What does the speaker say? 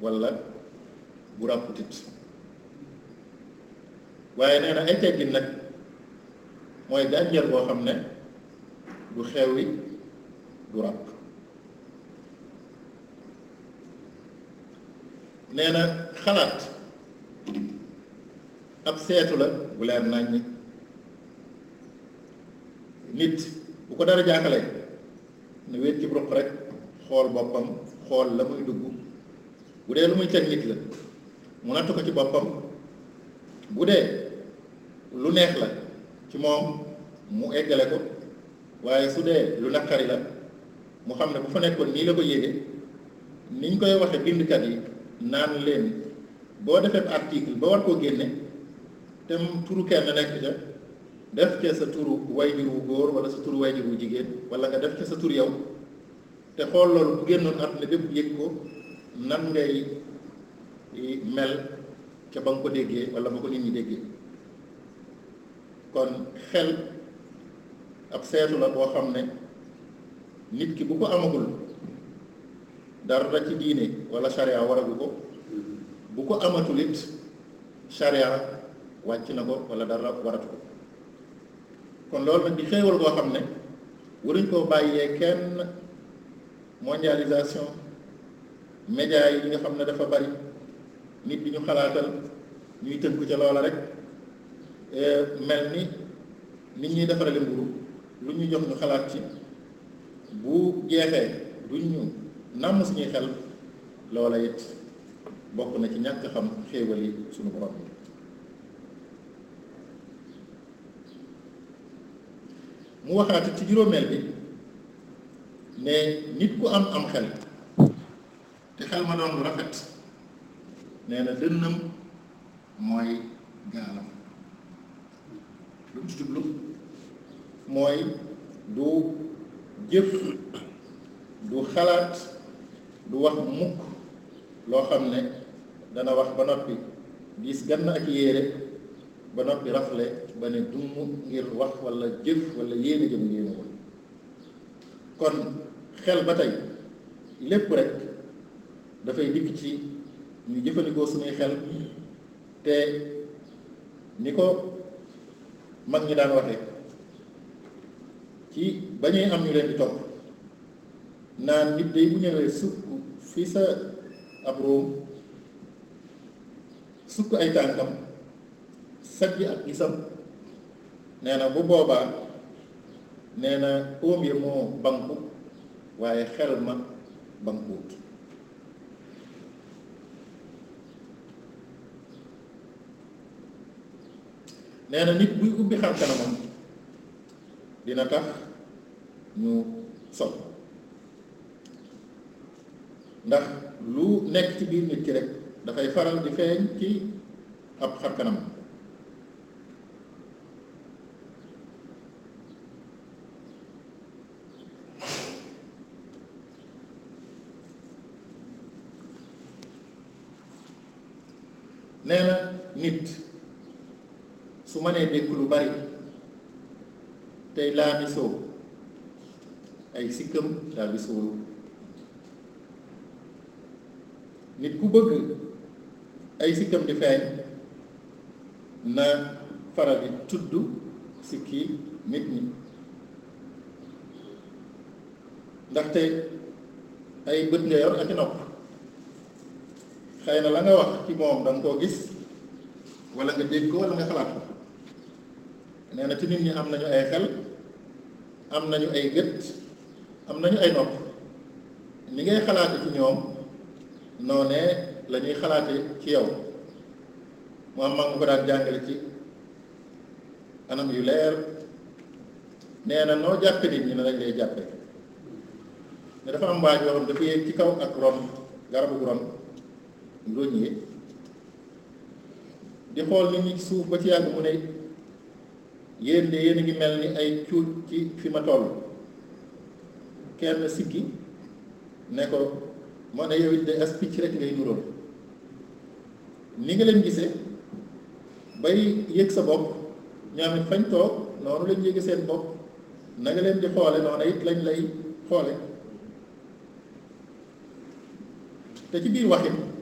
wala bu ràpputit waaye nee na ay teggin nag mooy gànjar boo xam ne du xewwi du ràpp nee na xalaat ab seetu la bu leer nàññ nit bu ko dara jaaxalee ne wéet ci ruq rek xool boppam xool la muy dugg bu dee lu muy teg nit la mu natt ko ci boppam bu dee lu neex la ci moom mu eggale ko waaye su dee lu naqari la mu xam ne bu fa nekkoon nii la ko yéege niñ koy waxe bindkat yi naan leen boo defee article ba war koo génne te turu kenn nekk ca def ca sa turu wayjur wu góor wala sa turu wayjur wu jigéen wala nga def ca sa tur yow te xool loolu bu génnoon àdduna bépp yëg ko nan ngay mel ca ba nga ko déggee wala ba ko nit ñi déggee kon xel ab seetu la boo xam ne nit ki bu ko amagul dara ci diine wala charia waragu ko bu ko amatul it charia wàcc na ko wala dara waratu ko kon loolu nag di xéewal boo xam ne waruñ koo bàyyee kenn mondialisation média yi nga xam ne dafa bari nit di ñu xalaatal ñuy tënku ca loola rek e, mel ni nit ñuy defarale mburu lu ñu jox ñu xalaat ci bu jeexee duñ ñu nàmm suñuy xel loola it bokk na ci ñàkk xam xéewal yi suñu borom yi mu waxaat ci juróomeel bi ne nit ku am am xel te xel ma doon rafet nee na dënnam mooy gaalam mooy du jëf du xalaat du wax mukk loo xam ne dana wax ba noppi gis gann ak yére ba noppi rafle ba ne dumm ngir wax walla jëf walla yéene jëm yéene kon xel ba tey lépp rekk dafay dikk ci ñu jëfandikoo suñuy xel te ni ko mag ñi daan waxe ci ba ñuy am ñu leen di topp naan nit day bu ñëwee sukk fi sa ab room sukk ay tànkam sajj ak gisam nee na bu boobaa nee na óom yi moo banku waaye xel ma bankuut nee na nit buy ubbi xar dina tax ñu sol ndax lu nekk ci biir nit ki rek dafay faral di feeñ ki ab xar nee na nit su mënee dékk lu bari tey laamisoo ay sikkam daal di sóolu nit ku bëgg ay sikkam di feeñ na faral di tudd sikki nit ñi ndaxte ay bët nga yor ak nopp xëy na la nga wax ci moom danga koo gis wala nga dégg ko wala nga xalaat ko nee na ci nit ñi am nañu ay xel am nañu ay gët am nañu ay nopp ni ngay xalaate ci ñoom noonee la ñuy xalaate ci yow mu am mag mu ko daan jàngale ci anam yu leer nee na noo jàppe nit ñi ne lañ lay jàppe ne dafa am waaj yoo xam dafa yéeg ci kaw ak ron garabu ron ngóoñ yi di xool nit ñi suuf ba ci yàgg mu ne yéen de yéen a ngi mel ni ay cuuj ci fi ma toll kenn sikki ne ko moo ne yow it de as picc rek ngay nuróol ni nga leen gisee bay yëg sa bopp ñoom it fañ toog noonu lañ yëge seen bopp na nga leen di xoole noonu it lañ lay xoole te ci biir waxin